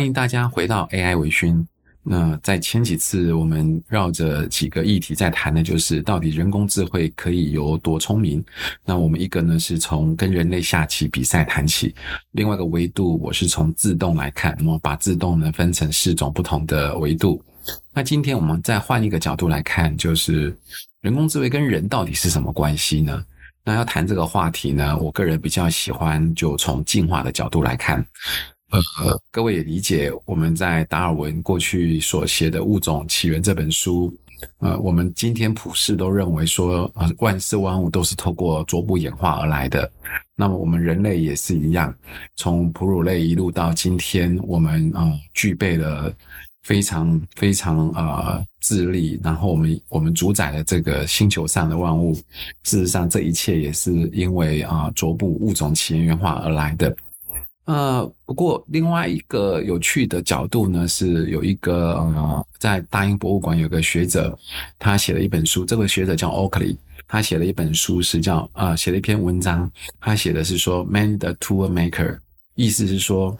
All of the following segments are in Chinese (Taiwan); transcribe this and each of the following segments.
歡迎大家回到 AI 微醺。那在前幾次，我們繞着幾個議題在談的，就是到底人工智慧可以有多聰明？那我們一個呢，是從跟人類下棋比賽談起；另外一個維度，我是從自動來看，那麼把自動呢，分成四種不同的維度。那今天我們再換一個角度來看，就是人工智慧跟人到底是什麼關係呢？那要談這個話題呢，我個人比較喜歡就從進化的角度來看。呃，各位也理解我們在達爾文過去所寫的《物種起源》這本書，呃，我們今天普世都認為說，呃，萬事萬物都是透過逐步演化而來的。那麼我們人類也是一樣，從哺乳類一路到今天我們啊、呃、具備了非常非常啊、呃、智力，然後我們我們主宰了這個星球上的萬物。事實上，這一切也是因為啊逐步物種起源演化而來的。呃，不過另外一個有趣的角度呢，是有一個呃，在大英博物館有個學者，他寫了一本書。這位、個、學者叫 Oakley，他寫了一本書，是叫呃，寫了一篇文章。他寫的是說 Man the Tool-maker，意思是說，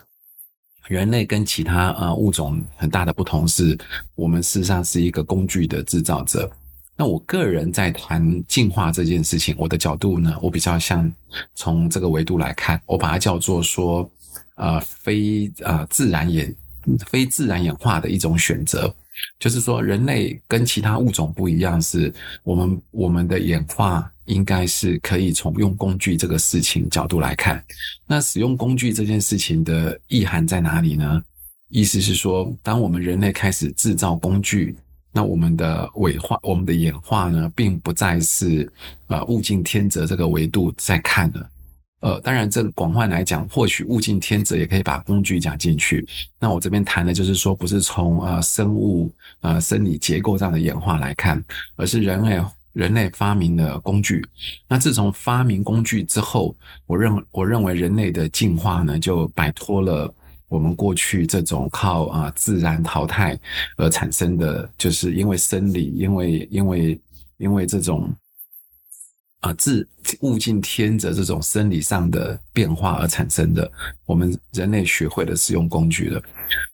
人類跟其他呃物種很大的不同是，我們事實上是一個工具的製造者。那我個人在談進化這件事情，我的角度呢，我比較像從這個維度來看，我把它叫做說。啊、呃，非啊、呃、自然演非自然演化的一種選擇，就是說人類跟其他物種不一樣，是我們我們的演化應該是可以從用工具這個事情角度來看。那使用工具這件事情的意涵在哪裡呢？意思是說，當我們人類開始製造工具，那我們的尾化，我們的演化呢，並不再是啊、呃、物競天擇這個維度在看了。呃，當然，這個廣泛來講，或許物競天擇也可以把工具講進去。那我這邊談的就是說，不是從呃生物呃生理結構這樣的演化來看，而是人類人類發明的工具。那自從發明工具之後，我認我認為人類的進化呢，就擺脫了我們過去這種靠啊、呃、自然淘汰而產生的，就是因為生理，因為因為因為這種。啊、呃，自物競天擇這種生理上的變化而產生的，我們人類學會了使用工具了。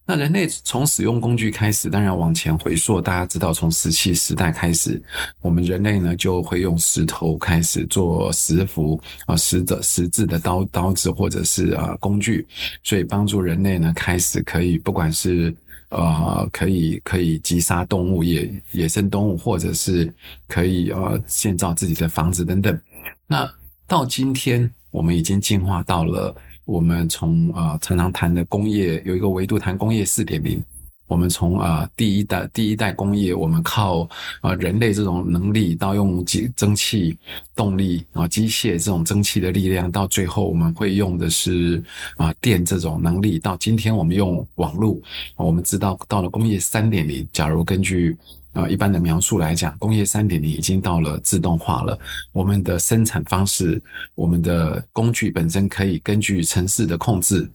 那人類從使用工具開始，當然往前回溯，大家知道從石器時代開始，我們人類呢就會用石頭開始做石斧啊、呃、石的、石質的刀、刀子或者是啊、呃、工具，所以幫助人類呢開始可以不管是。呃，可以可以擊殺動物，野野生動物，或者是可以呃建造自己的房子等等。那到今天，我們已經進化到了，我們從呃常常談的工業有一個維度談工業四點零。我們從啊第一代第一代工業，我們靠啊人類這種能力，到用蒸蒸汽動力啊機械這種蒸汽的力量，到最後我們會用的是啊電這種能力。到今天我們用網絡，我們知道到了工業三點零，假如根據啊一般的描述來講，工業三點零已經到了自動化了。我們的生產方式，我們的工具本身可以根據程式的控制，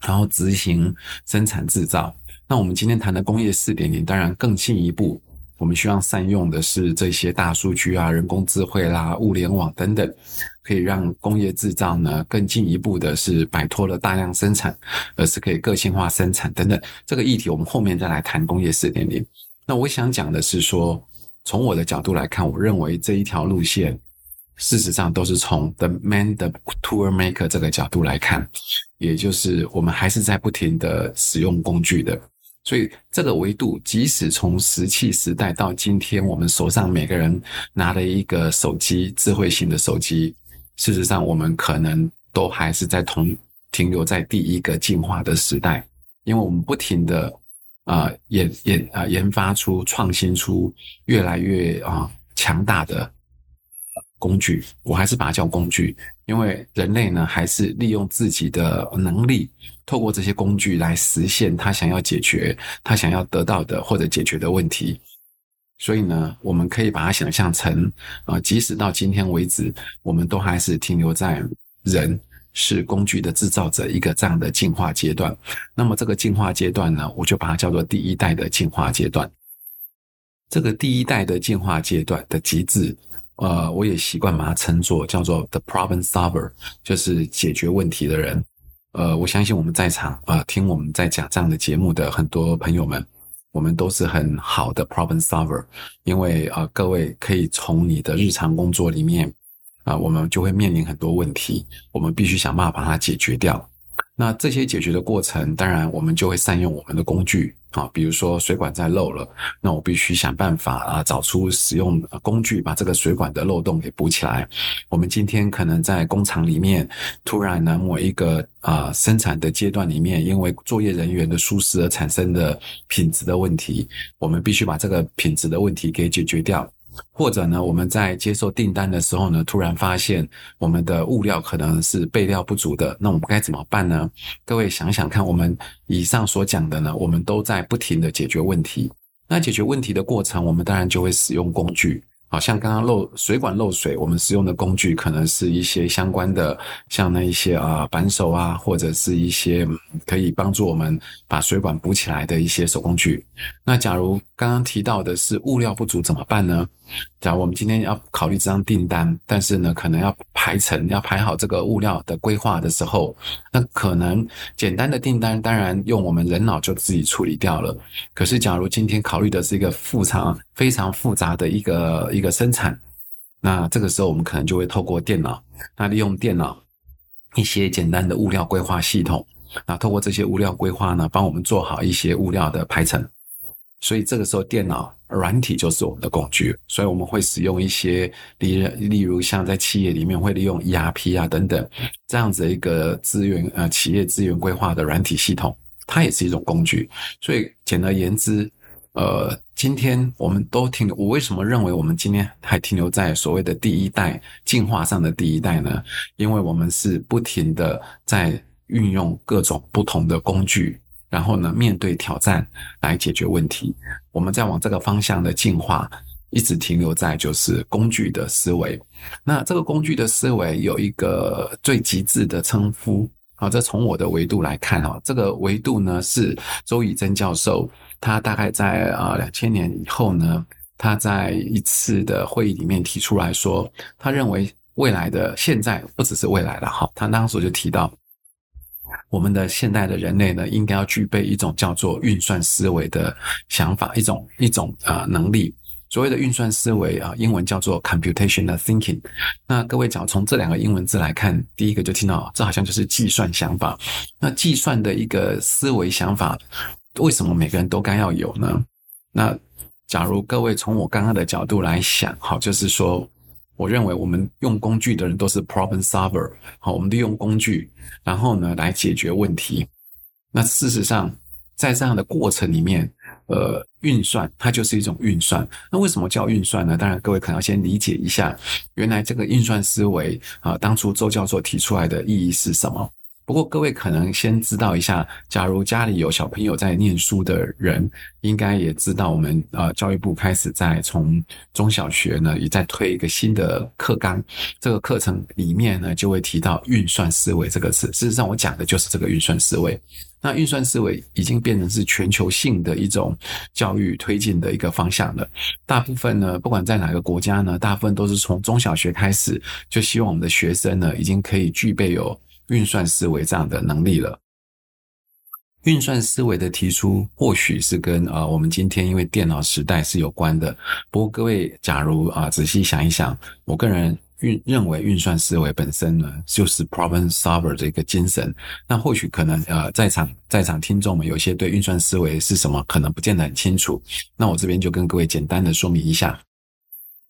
然後執行生產制造。那我們今天談的工業四點零，當然更進一步，我們希望善用的是這些大數據啊、人工智慧啦、啊、物聯網等等，可以讓工業制造呢更進一步的是擺脫了大量生產，而是可以個性化生產等等。這個議題我們後面再來談工業四點零。那我想講的是說，從我的角度來看，我認為這一條路線事實上都是從 the man the tool maker 這個角度來看，也就是我們還是在不停的使用工具的。所以這個維度，即使從石器時代到今天，我們手上每個人拿了一個手機，智慧型的手機，事實上我們可能都還是在同停留在第一個進化的時代，因為我們不停的啊研研啊研發出、創新出越來越啊、呃、強大的。工具，我還是把它叫工具，因為人類呢還是利用自己的能力，透過這些工具來實現他想要解決、他想要得到的或者解決的問題。所以呢，我們可以把它想象成，啊，即使到今天為止，我們都還是停留在人是工具的制造者一個這樣的進化階段。那麼這個進化階段呢，我就把它叫做第一代的進化階段。這個第一代的進化階段的極致，呃，我也習慣把它稱作叫做 the problem solver，就是解決問題的人。呃，我相信我們在場啊、呃，聽我們在講這樣的節目的很多朋友們，我們都是很好的 problem solver，因為啊、呃，各位可以從你的日常工作裡面啊、呃，我們就會面臨很多問題，我們必須想辦法把它解決掉。那這些解決的過程，當然我們就會善用我們的工具。啊，比如說水管在漏了，那我必須想辦法啊，找出使用工具把這個水管的漏洞給補起來。我們今天可能在工廠裡面，突然呢，某一個啊、呃、生產的階段裡面，因為作業人員的疏失而產生的品質的問題，我們必須把這個品質的問題給解決掉。或者呢，我們在接受訂單的時候呢，突然發現我們的物料可能是備料不足的,那我們該怎麼辦呢？各位想想看，我們以上所講的呢，我們都在不停的解決問題。那解決問題的過程，我們當然就會使用工具。好像剛剛漏水管漏水，我們使用的工具可能是一些相關的，像那一些啊扳手啊，或者是一些可以幫助我們把水管補起來的一些手工具。那假如剛剛提到的是物料不足怎麼辦呢？假如我們今天要考慮這張訂單，但是呢，可能要排程，要排好這個物料的規劃的時候，那可能簡單的訂單當然用我們人腦就自己處理掉了。可是假如今天考慮的是一個複雜，非常複雜的一個一個生產，那這個時候我們可能就會透過電腦，那利用電腦一些簡單的物料規劃系統，那透過這些物料規劃呢，幫我們做好一些物料的排程。所以這個時候電腦軟體就是我們的工具，所以我們會使用一些例，例如像在企業裡面會利用 ERP 啊等等這樣子一個資源啊，呃，企業資源規劃的軟體系統，它也是一種工具。所以簡而言之，呃。今天我們都停留，我為什麼認為我們今天還停留在所謂的第一代，進化上的第一代呢？因為我們是不停的在運用各種不同的工具，然後呢，面對挑戰來解決問題。我們在往這個方向的進化，一直停留在就是工具的思維。那這個工具的思維有一個最極致的稱呼。好，這從我的維度來看哦，這個維度呢是周以真教授。他大概在啊，兩千年以後呢，他在一次的會議裡面提出來說，他認為未來的現在不只是未來了哈。他當時就提到，我們的現代的人類呢，應該要具備一種叫做運算思維的想法，一種一種啊、呃、能力。所謂的運算思維啊、呃，英文叫做 computational thinking。那各位只要從這兩個英文字來看，第一個就聽到，這好像就是計算想法。那計算的一個思維想法。為什麼每個人都該要有呢？那假如各位從我剛剛的角度來想，好，就是說，我認為我們用工具的人都是 problem solver，好，我們都用工具，然後呢來解決問題。那事實上，在這樣的過程裡面，呃，運算它就是一種運算。那為什麼叫運算呢？當然，各位可能要先理解一下，原來這個運算思維啊，當初周教授提出來的意義是什麼？不過，各位可能先知道一下，假如家裡有小朋友在念書的人，應該也知道，我們呃教育部開始在從中小學呢也在推一個新的課綱，這個課程裡面呢就會提到運算思維這個詞。事實上，我講的就是這個運算思維。那運算思維已經變成是全球性的一種教育推進的一個方向了。大部分呢，不管在哪個國家呢，大部分都是從中小學開始，就希望我們的學生呢已經可以具備有。運算思維這樣的能力了。運算思維的提出，或許是跟啊、呃、我們今天因為電腦時代是有關的。不過各位，假如啊仔細想一想，我個人認認為運算思維本身呢，就是 problem solver 的一個精神。那或許可能呃在場在場聽眾們有些對運算思維是什麼，可能不見得很清楚。那我這邊就跟各位簡單的說明一下，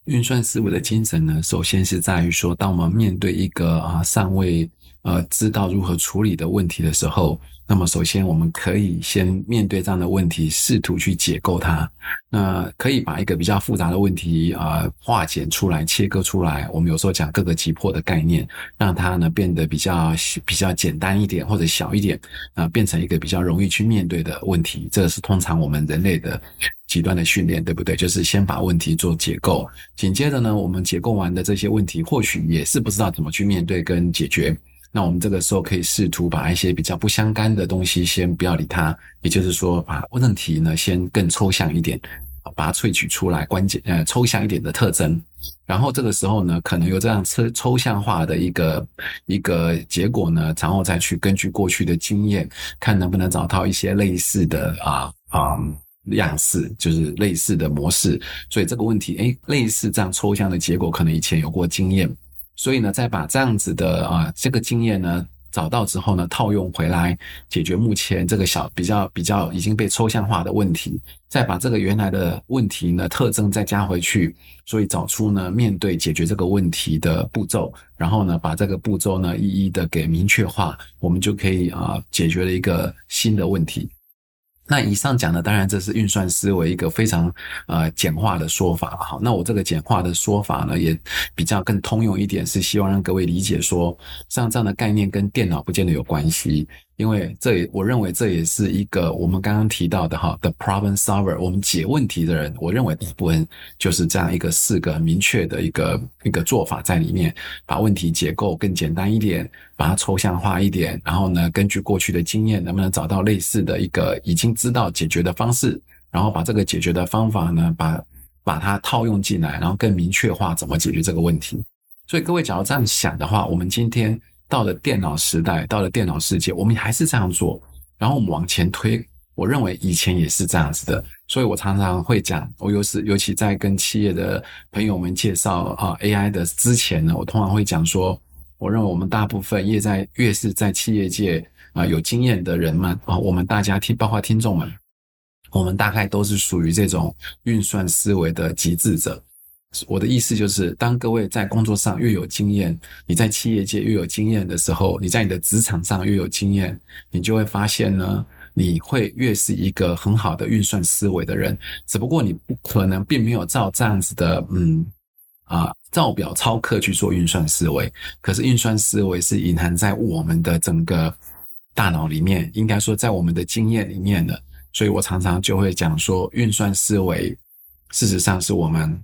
運算思維的精神呢，首先是在於說，當我們面對一個啊尚未呃，知道如何處理的問題的時候，那麼首先我們可以先面對這樣的問題，試圖去解構它。那可以把一個比較複雜的問題啊、呃，化簡出來，切割出來。我們有時候講各個擊破的概念，讓它呢變得比較比較簡單一點，或者小一點啊、呃，變成一個比較容易去面對的問題。這是通常我們人類的極端的訓練，對不對？就是先把問題做解構，緊接着呢，我們解構完的這些問題，或許也是不知道怎麼去面對跟解決。那我們這個時候可以試圖把一些比較不相干的東西先不要理它，也就是說把、啊、問題呢先更抽象一點，啊、把它萃取出來，關鍵，呃，抽象一點的特徵，然後這個時候呢可能有這樣抽抽象化的一個一個結果呢，然後再去根據過去的經驗，看能不能找到一些類似的啊啊樣式，就是類似的模式，所以這個問題，哎，類似這樣抽象的結果，可能以前有過經驗。所以呢，再把這樣子的啊這個經驗呢找到之後呢，套用回來解決目前這個小比較比較已經被抽象化的問題，再把這個原來的問題呢特徵再加回去，所以找出呢面對解決這個問題的步驟，然後呢把這個步驟呢一一的給明確化，我們就可以啊解決了一個新的問題。那以上講的，當然這是運算思維一個非常，呃，簡化的說法好，哈。那我這個簡化的說法呢，也比較更通用一點，是希望讓各位理解說，像這樣的概念跟電腦不見得有關係。因為這也，我認為這也是一個我們剛剛提到的哈，the Problem Solver，我們解問題的人，我認為一部分就是這樣一個四個明確的一個一個做法在裡面，把問題結構更簡單一點，把它抽象化一點，然後呢，根據過去的經驗，能不能找到類似的一個已經知道解決的方式，然後把這個解決的方法呢，把把它套用進來，然後更明確化怎麼解決這個問題。所以各位，假如這樣想的話，我們今天。到了電腦時代，到了電腦世界，我們還是這樣做。然後我們往前推，我認為以前也是這樣子的。所以，我常常會講，我有時尤其在跟企業的朋友們介紹啊 AI 的之前呢，我通常會講說，我認為我們大部分越在越是，在企業界啊有經驗的人們啊，我們大家聽，包括聽眾們，我們大概都是屬於這種運算思維的極致者。我的意思就是，當各位在工作上越有經驗，你在企業界越有經驗的時候，你在你的職場上越有經驗，你就會發現呢，你會越是一個很好的運算思維的人。只不過你不可能並沒有照這樣子的，嗯啊，照表操課去做運算思維。可是運算思維是隱含在我們的整個大腦裡面，應該說在我們的經驗裡面的。所以我常常就會講說，運算思維事實上是我們。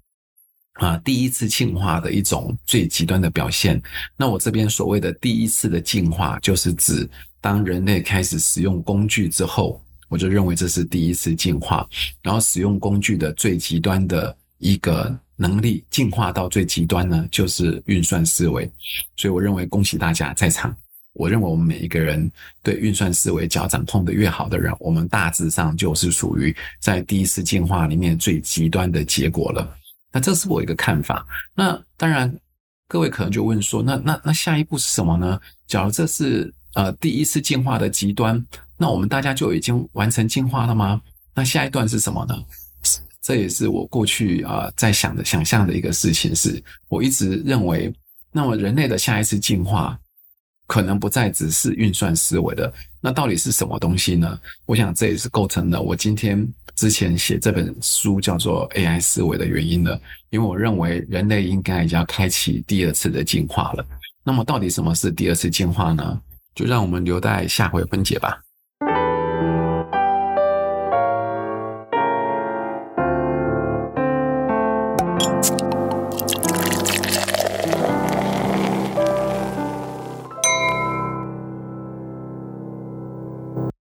啊，第一次進化的一種最極端的表現。那我這邊所謂的第一次的進化，就是指當人類開始使用工具之後，我就認為這是第一次進化。然後使用工具的最極端的一個能力，進化到最極端呢，就是運算思維。所以我認為，恭喜大家在場。我認為我們每一個人對運算思維只要掌控得越好的人，我們大致上就是屬於在第一次進化裡面最極端的結果了。那這是我一個看法。那當然，各位可能就問說，那那那下一步是什麼呢？假如這是呃第一次進化的極端，那我們大家就已經完成進化了嗎？那下一段是什麼呢？這也是我過去啊、呃、在想的、想象的一個事情，是我一直認為，那麼人類的下一次進化可能不再只是運算思維的。那到底是什麼東西呢？我想這也是構成了我今天。之前寫這本書叫做《AI 思維》的原因呢，因為我認為人類應該已經要開啟第二次的進化了。那麼到底什麼是第二次進化呢？就讓我們留待下回分解吧。